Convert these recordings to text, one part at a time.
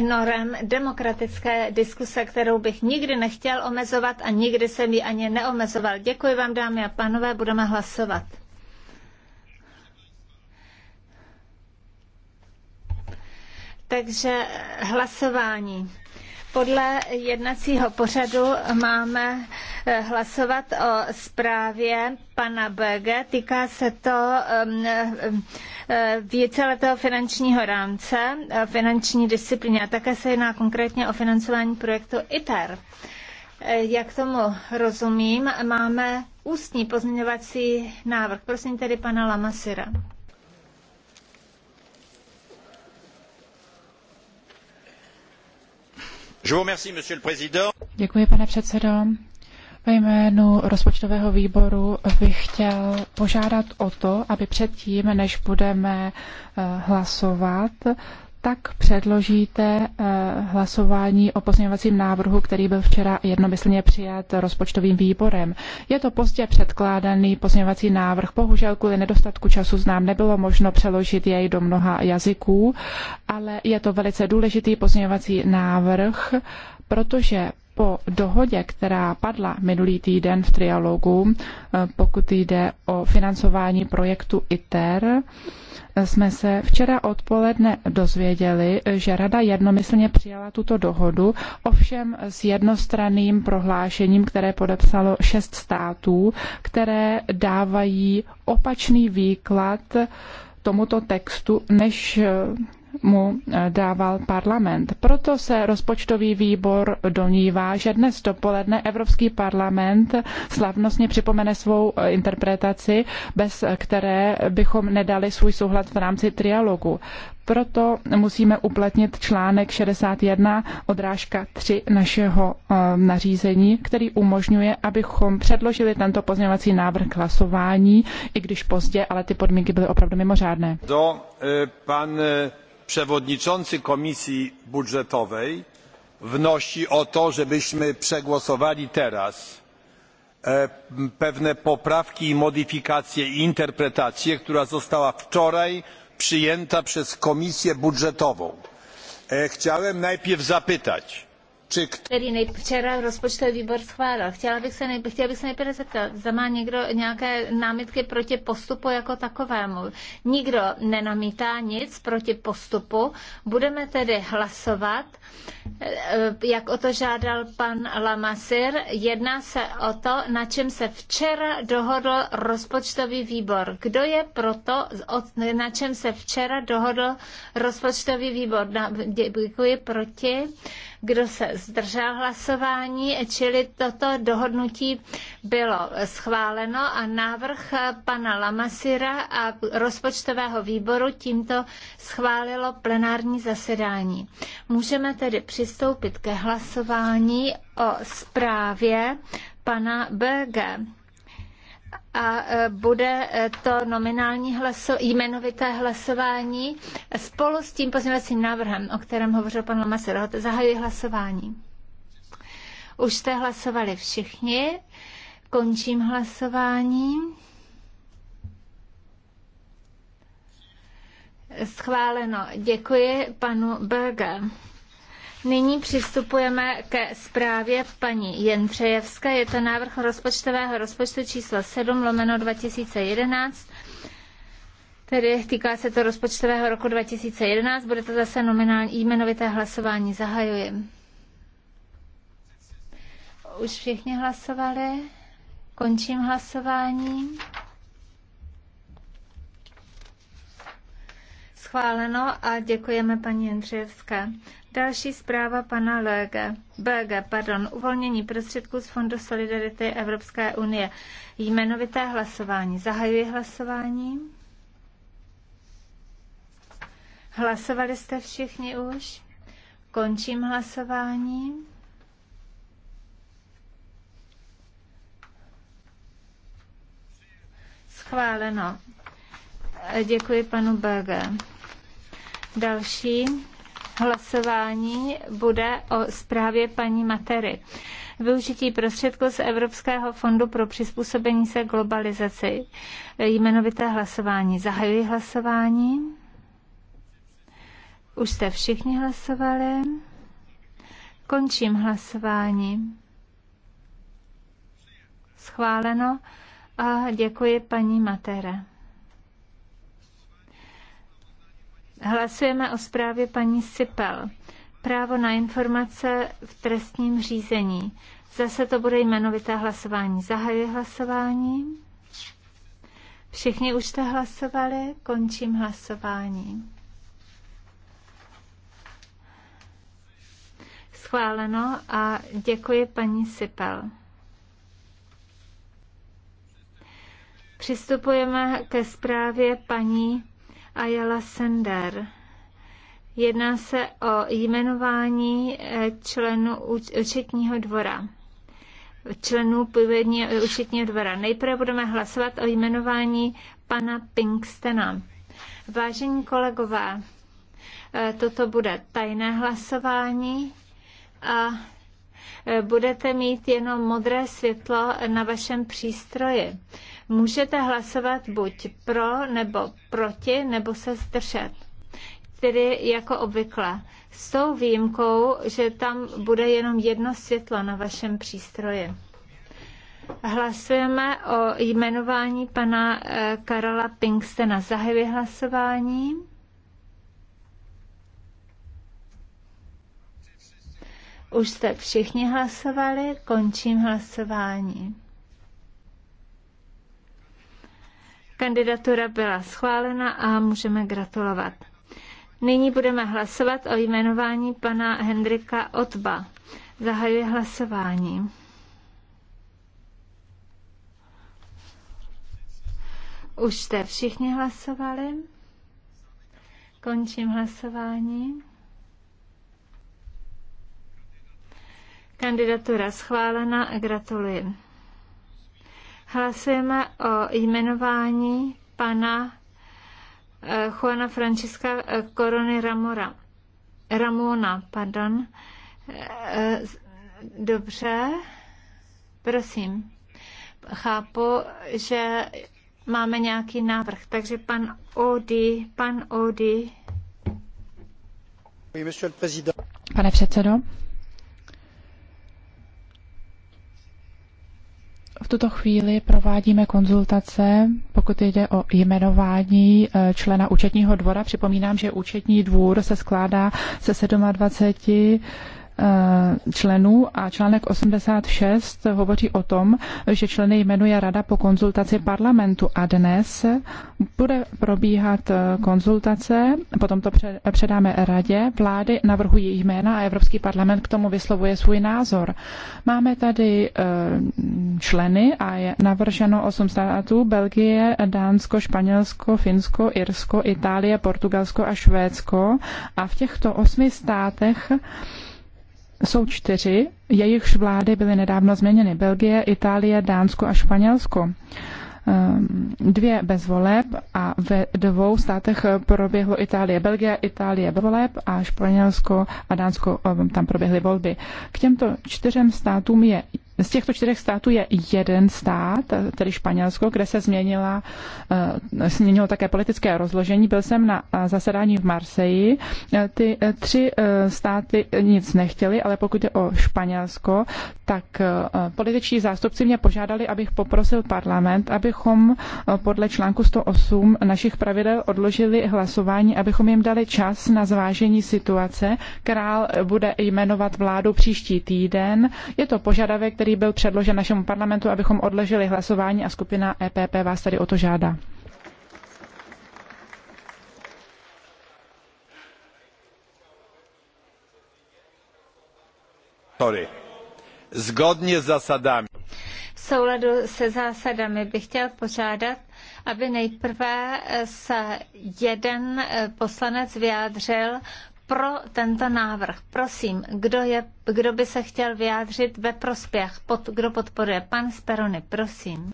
norem demokratické diskuse, kterou bych nikdy nechtěl omezovat a nikdy jsem ji ani neomezoval. Děkuji vám, dámy a pánové, budeme hlasovat. Takže hlasování. Podle jednacího pořadu máme eh, hlasovat o zprávě pana Böge. Týká se to eh, eh, víceletého finančního rámce, finanční disciplíny a také se jedná konkrétně o financování projektu ITER. Jak tomu rozumím, máme ústní pozměňovací návrh. Prosím tedy pana Lamasira. Děkuji, pane předsedo. Ve jménu rozpočtového výboru bych chtěl požádat o to, aby předtím, než budeme eh, hlasovat, tak předložíte eh, hlasování o pozměňovacím návrhu, který byl včera jednomyslně přijat rozpočtovým výborem. Je to pozdě předkládaný pozměňovací návrh. Bohužel kvůli nedostatku času z nám nebylo možno přeložit jej do mnoha jazyků, ale je to velice důležitý pozměňovací návrh, protože po dohodě, která padla minulý týden v trialogu, eh, pokud jde o financování projektu ITER, eh, jsme se včera odpoledne dozvěděli, že Rada jednomyslně přijala tuto dohodu, ovšem s jednostranným prohlášením, které podepsalo šest států, které dávají opačný výklad tomuto textu, než eh, mu eh, dával parlament. Proto se rozpočtový výbor domnívá, že dnes dopoledne Evropský parlament slavnostně připomene svou eh, interpretaci, bez které bychom nedali svůj souhlas v rámci trialogu. Proto musíme uplatnit článek 61 odrážka 3 našeho eh, nařízení, který umožňuje, abychom předložili tento pozměňovací návrh k hlasování, i když pozdě, ale ty podmínky byly opravdu mimořádné. Do, pan, przewodniczący komisji budżetowej wnosi o to żebyśmy przegłosowali teraz e, pewne poprawki i modyfikacje i interpretację która została wczoraj przyjęta przez komisję budżetową. E, chciałem najpierw zapytać či... Který včera rozpočtový výbor schválil. Chtěla bych se, nej, chtěla bych se nejprve zeptat, zda má někdo nějaké námitky proti postupu jako takovému. Nikdo nenamítá nic proti postupu. Budeme tedy hlasovat, eh, jak o to žádal pan Lamasir. Jedná se o to, na čem se včera dohodl rozpočtový výbor. Kdo je proto, na čem se včera dohodl rozpočtový výbor? Děkuji proti kdo se zdržel hlasování, čili toto dohodnutí bylo schváleno a návrh pana Lamasira a rozpočtového výboru tímto schválilo plenární zasedání. Můžeme tedy přistoupit ke hlasování o zprávě pana Berge a e, bude e, to nominální hlaso, jmenovité hlasování spolu s tím pozměňovacím návrhem, o kterém hovořil pan Lamaser. Zahajuji hlasování. Už jste hlasovali všichni. Končím hlasování. Schváleno. Děkuji panu Berger. Nyní přistupujeme ke zprávě paní Jendřejevské. Je to návrh rozpočtového rozpočtu číslo 7 lomeno 2011. Tedy týká se to rozpočtového roku 2011. Bude to zase nominální jmenovité hlasování. Zahajuji. Už všichni hlasovali? Končím hlasování. Schváleno a děkujeme paní Jendřejevské. Další zpráva pana Lega, BG, pardon, uvolnění prostředků z Fondu Solidarity Evropské unie. Jmenovité hlasování. Zahajuji hlasování. Hlasovali jste všichni už? Končím hlasování. Schváleno. Děkuji panu BG. Další hlasování bude o zprávě paní Matery. Využití prostředků z Evropského fondu pro přizpůsobení se globalizaci. Jmenovité hlasování. Zahajuji hlasování. Už jste všichni hlasovali. Končím hlasování. Schváleno a děkuji paní Matere. Hlasujeme o zprávě paní Sipel. Právo na informace v trestním řízení. Zase to bude jmenovité hlasování. Zahajuji hlasování. Všichni už jste hlasovali, končím hlasování. Schváleno a děkuji paní Sipel. Přistupujeme ke zprávě paní Ayala Sender. Jedná se o jmenování eh, členů účetního dvora členů původního eh, účetního dvora. Nejprve budeme hlasovat o jmenování pana Pinkstena. Vážení kolegové, eh, toto bude tajné hlasování a budete mít jenom modré světlo na vašem přístroji. Můžete hlasovat buď pro nebo proti nebo se zdržet. Tedy jako obvykle. S tou výjimkou, že tam bude jenom jedno světlo na vašem přístroji. Hlasujeme o jmenování pana eh, Karola na Zahajuji hlasování. Už jste všichni hlasovali, končím hlasování. Kandidatura byla schválena a můžeme gratulovat. Nyní budeme hlasovat o jmenování pana Hendrika Otba. Zahajuji hlasování. Už jste všichni hlasovali? Končím hlasování. Kandidatura schválena. Gratuluji. Hlasujeme o jmenování pana eh, Juana Francisca Korony eh, Ramora. Ramona, pardon. Eh, dobře, prosím. Chápu, že máme nějaký návrh, takže pan Odi, pan Odi. Pane předsedo, V tuto chvíli provádíme konzultace, pokud jde o jmenování eh, člena účetního dvora. Připomínám, že účetní dvůr se skládá se 27 Eh, členů a článek 86 hovoří o tom, že členy jmenuje Rada po konzultaci parlamentu a dnes bude probíhat eh, konzultace, potom to předáme Radě, vlády navrhují jména a Evropský parlament k tomu vyslovuje svůj názor. Máme tady eh, členy a je navrženo 8 států, Belgie, Dánsko, Španělsko, Finsko, Irsko, Itálie, Portugalsko a Švédsko a v těchto osmi státech jsou čtyři, jejichž vlády byly nedávno změněny. Belgie, Itálie, Dánsko a Španělsko ehm, dvě bez voleb a ve dvou státech eh, proběhlo Itálie, Belgie, Itálie bez voleb a Španělsko a Dánsko ehm, tam proběhly volby. K těmto čtyřem státům je z těchto čtyřech států je jeden stát, tedy Španělsko, kde se změnila, eh, změnilo také politické rozložení. Byl jsem na eh, zasedání v Marseji. Eh, ty tři státy nic nechtěli, ale pokud je o Španělsko, tak političní zástupci mě požádali, abych poprosil parlament, abychom podle článku 108 našich pravidel odložili hlasování, abychom jim dali čas na zvážení situace. Král bude jmenovat vládu příští týden. Je to požadavek, který který byl předložen našemu parlamentu, abychom odložili hlasování a skupina EPP vás tady o to žádá. Sorry. Zgodně s zásadami. V souladu se zásadami bych chtěl požádat, aby nejprve se jeden poslanec vyjádřil pro tento návrh. Prosím, kdo, je, kdo by se chtěl vyjádřit ve prospěch, pod, kdo podporuje? Pan Sperony, prosím.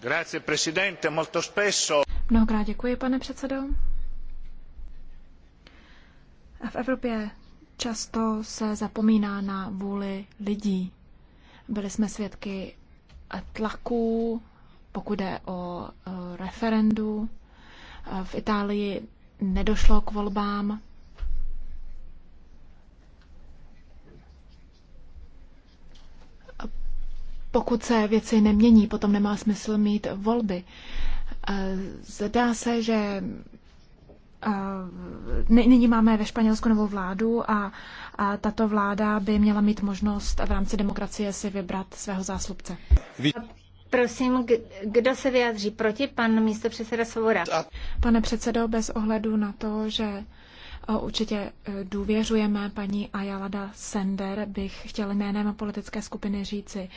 Grazie, presidente. Molto spesso... Mnohokrát děkuji, pane předsedo. V Evropě často se zapomíná na vůli lidí. Byli jsme svědky tlaků pokud jde o e, referendu, e, v Itálii nedošlo k volbám. Pokud se věci nemění, potom nemá smysl mít volby. E, zdá se, že nyní máme ve Španělsku novou vládu a, tato vláda by měla mít možnost v rámci demokracie si vybrat svého zástupce. Prosím, kdo se vyjádří proti? Pan místo předseda Svoboda. Pane předsedo, bez ohledu na to, že určitě e, důvěřujeme paní Ayalada Sender, bych chtěl jménem politické skupiny říci,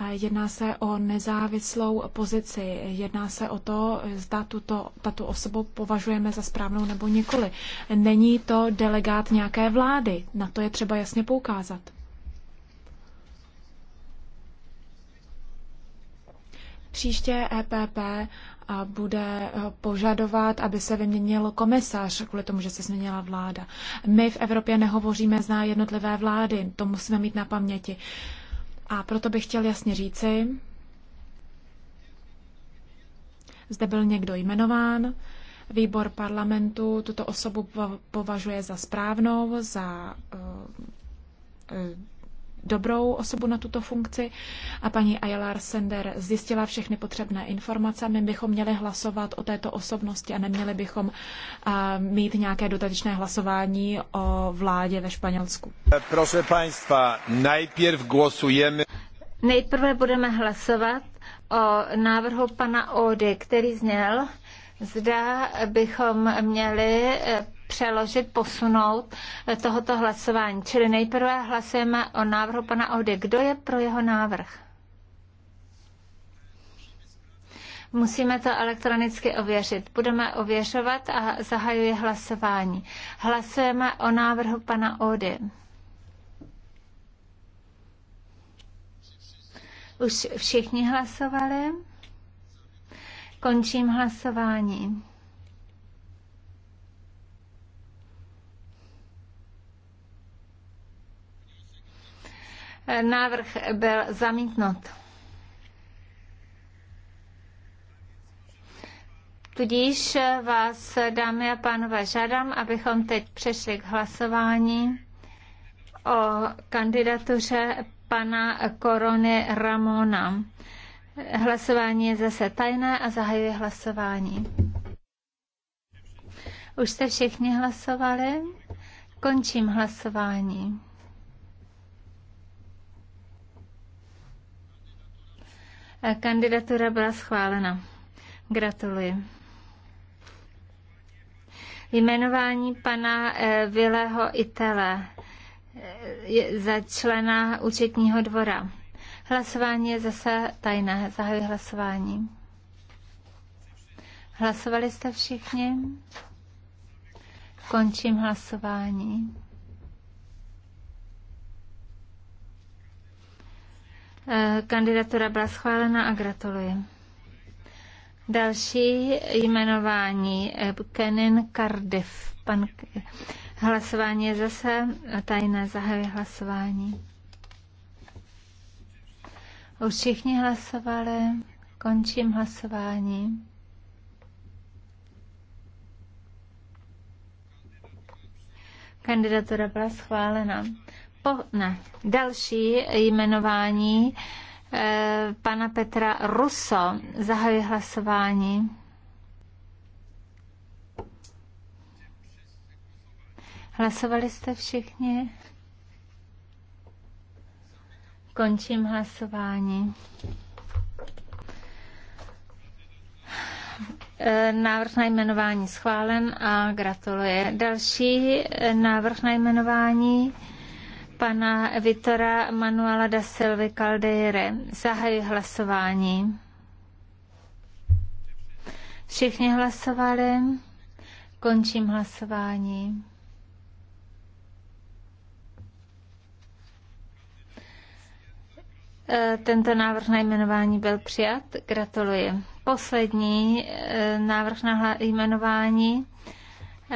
e, Jedná se o nezávislou pozici, jedná se o to, zda tuto, tato osobu považujeme za správnou nebo nikoli. Není to delegát nějaké vlády, na to je třeba jasně poukázat. Příště EPP bude e, požadovat, aby se vyměnil komisař, kvůli tomu, že se změnila vláda. My v Evropě nehovoříme zná jednotlivé vlády, to musíme mít na paměti. A proto bych chtěl jasně říci, zde byl někdo jmenován, výbor parlamentu tuto osobu považuje za správnou, za e, e, dobrou osobu na tuto funkci a paní Ayelar Sender zjistila všechny potřebné informace. My bychom měli hlasovat o této osobnosti a neměli bychom mít nějaké dodatečné hlasování o vládě ve Španělsku. Proszę Państwa, najpierw głosujemy. Nejprve budeme hlasovat o návrhu pana Ody, který zněl, zda bychom měli přeložit, posunout eh, tohoto hlasování. Čili nejprve hlasujeme o návrhu pana Ode, Kdo je pro jeho návrh? Musíme to elektronicky ověřit. Budeme ověřovat a zahajuje hlasování. Hlasujeme o návrhu pana Ody. Už všichni hlasovali? Končím hlasování. Návrh byl zamítnut. Tudíž vás, dámy a pánové, žádám, abychom teď přešli k hlasování o kandidatuře pana Korony Ramona. Hlasování je zase tajné a zahajuje hlasování. Už jste všichni hlasovali? Končím hlasování. Kandidatura byla schválena. Gratuluji. Jmenování pana eh, Vileho Itele eh, za člena účetního dvora. Hlasování je zase tajné. Zahajuji hlasování. Hlasovali jste všichni? Končím hlasování. Eh, kandidatura byla schválena a gratuluji. Další jmenování eh, Kenin Cardiff. Pan, hlasování je zase tajné zahajuje hlasování. Už všichni hlasovali. Končím hlasování. Kandidatura byla schválena po, ne, další jmenování e, pana Petra Ruso. Zahajuji hlasování. Hlasovali jste všichni? Končím hlasování. Eh, návrh na jmenování schválen a gratuluje. Další eh, návrh na jmenování pana Vitora Manuela da Silvy Caldeire. Zahajuji hlasování. Všichni hlasovali. Končím hlasování. E, tento návrh na jmenování byl přijat. Gratuluji. Poslední e, návrh na jmenování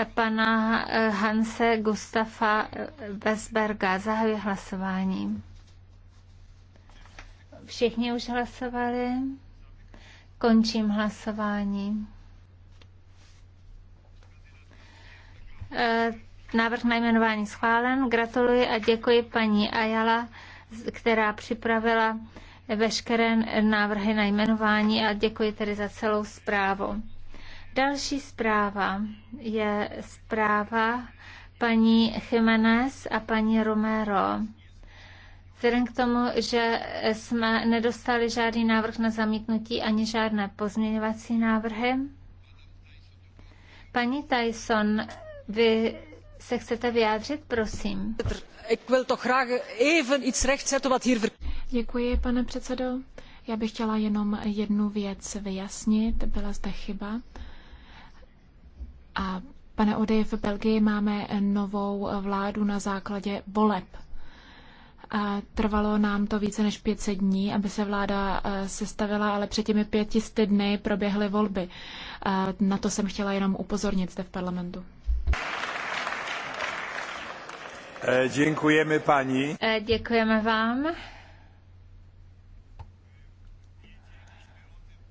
pana eh, Hanse Gustafa eh, Vesberga. Zahajuji hlasování. Všichni už hlasovali. Končím hlasování. Eh, návrh na jmenování schválen. Gratuluji a děkuji paní Ayala, která připravila veškeré návrhy na jmenování a děkuji tedy za celou zprávu. Další zpráva je zpráva paní Jiménez a paní Romero. Vzhledem k tomu, že jsme nedostali žádný návrh na zamítnutí ani žádné pozměňovací návrhy, paní Tyson, vy se chcete vyjádřit, prosím. Děkuji, pane předsedo. Já bych chtěla jenom jednu věc vyjasnit. Byla zde chyba a pane Odej, v Belgii máme novou vládu na základě voleb. A trvalo nám to více než 500 dní, aby se vláda e, sestavila, ale před těmi 500 dny proběhly volby. A na to jsem chtěla jenom upozornit zde v parlamentu. E, děkujeme paní. E, děkujeme vám.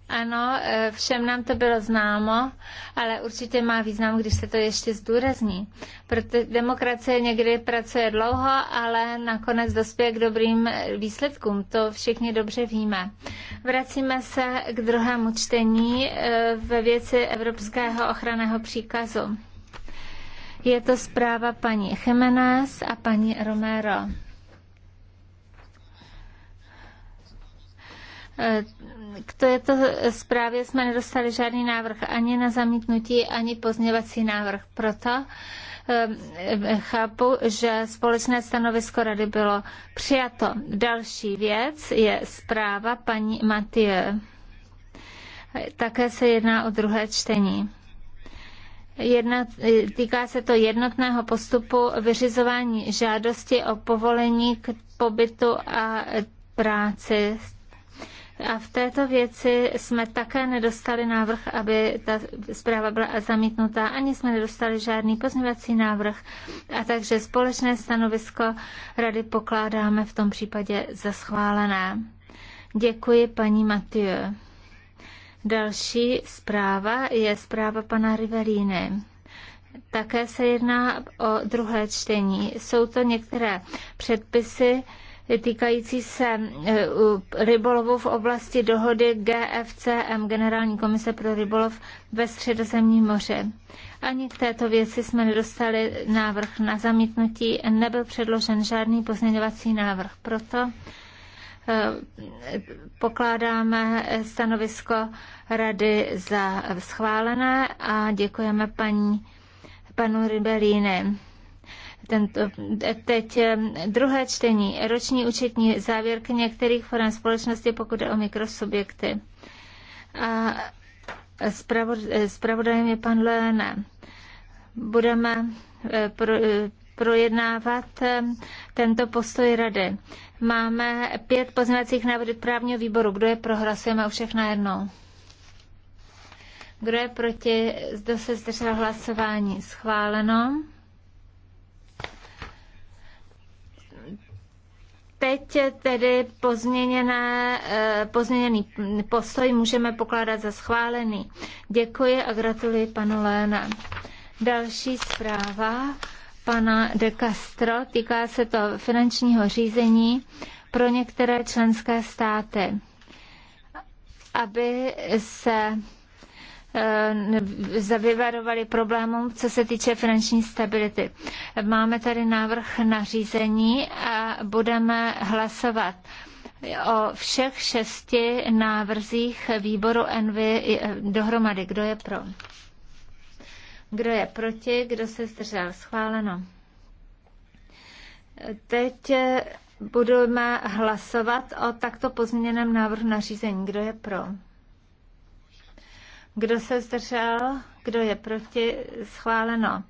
Ano, eh, všem nám to bylo známo, ale určitě má význam, když se to ještě zdůrazní. Proto demokracie někdy pracuje dlouho, ale nakonec dospěje k dobrým eh, výsledkům. To všichni dobře víme. Vracíme se k druhému čtení eh, ve věci Evropského ochranného příkazu. Je to zpráva paní Jiménez a paní Romero. Eh, k této zprávě jsme nedostali žádný návrh ani na zamítnutí, ani pozměvací návrh. Proto eh, chápu, že společné stanovisko rady bylo přijato. Další věc je zpráva paní Matie. Také se jedná o druhé čtení. Jedna, eh, týká se to jednotného postupu vyřizování žádosti o povolení k pobytu a práci a v této věci jsme také nedostali návrh, aby ta zpráva byla zamítnutá, ani jsme nedostali žádný pozměvací návrh. A takže společné stanovisko rady pokládáme v tom případě za schválené. Děkuji paní Mathieu. Další zpráva je zpráva pana Riveríny. Také se jedná o druhé čtení. Jsou to některé předpisy, týkající se e, rybolovu v oblasti dohody GFCM, Generální komise pro rybolov ve středozemním moře. Ani k této věci jsme nedostali návrh na zamítnutí, nebyl předložen žádný pozměňovací návrh. Proto e, pokládáme stanovisko rady za schválené a děkujeme paní, panu Ribelíny tento, teď eh, druhé čtení, roční účetní závěrky některých forem společnosti, pokud je o mikrosubjekty. A eh, zpravodajem je pan Lene. Budeme eh, pro, projednávat tento postoj rady. Máme pět poznacích návrhů právního výboru. Kdo je pro? Hlasujeme o všech najednou. Kdo je proti? Kdo se zdržel hlasování? Schváleno. Teď tedy pozměněné, eh, pozměněný postoj můžeme pokládat za schválený. Děkuji a gratuluji panu Léna. Další zpráva pana de Castro týká se to finančního řízení pro některé členské státy, aby se Eh, vyvarovali problémům, co se týče finanční stability. Máme tady návrh na řízení a budeme hlasovat o všech šesti návrzích výboru Envy eh, dohromady. Kdo je pro? Kdo je proti? Kdo se zdržel? Schváleno. Teď eh, budeme hlasovat o takto pozměněném návrhu na řízení. Kdo je pro? Kdo se zdržel? Kdo je proti? Schváleno.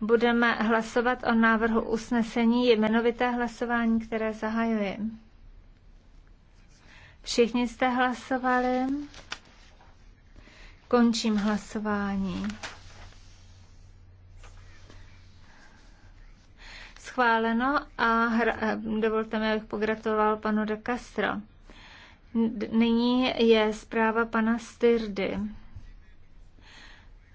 Budeme hlasovat o návrhu usnesení jmenovité hlasování, které zahajuji. Všichni jste hlasovali. Končím hlasování. Schváleno a hra, eh, dovolte mi, abych pogratuloval panu de Castro. Nyní je zpráva pana Styrdy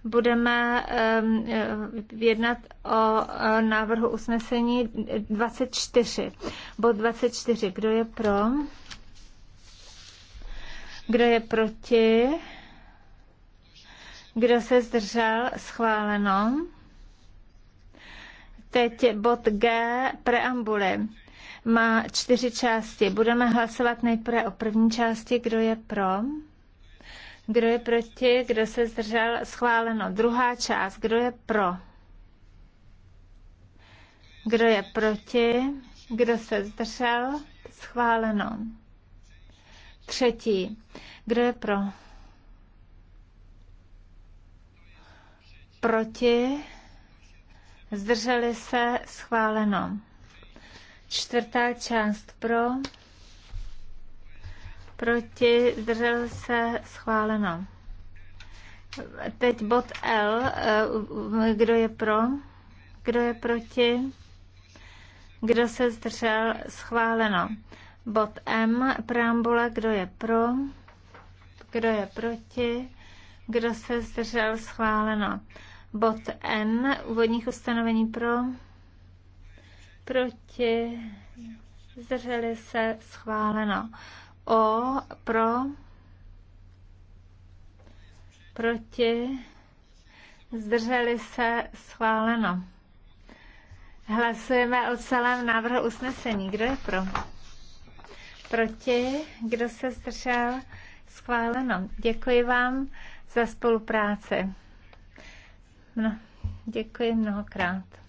budeme eh, jednat o eh, návrhu usnesení 24. Bod 24. Kdo je pro? Kdo je proti? Kdo se zdržel? Schváleno. Teď bod G, preambuly. Má čtyři části. Budeme hlasovat nejprve o první části. Kdo je pro? Kdo je proti? Kdo se zdržel? Schváleno. Druhá část. Kdo je pro? Kdo je proti? Kdo se zdržel? Schváleno. Třetí. Kdo je pro? Proti? Zdrželi se? Schváleno. Čtvrtá část pro? proti, zdržel se, schváleno. Teď bod L, eh, kdo je pro, kdo je proti, kdo se zdržel, schváleno. Bod M, preambule, kdo je pro, kdo je proti, kdo se zdržel, schváleno. Bod N, úvodních ustanovení pro, proti, zdrželi se, schváleno. O pro proti zdrželi se schváleno. Hlasujeme o celém návrhu usnesení. Kdo je pro? Proti? Kdo se zdržel? Schváleno. Děkuji vám za spolupráci. No, děkuji mnohokrát.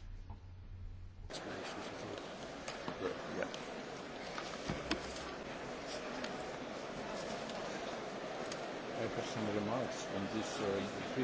personnellement on this uh,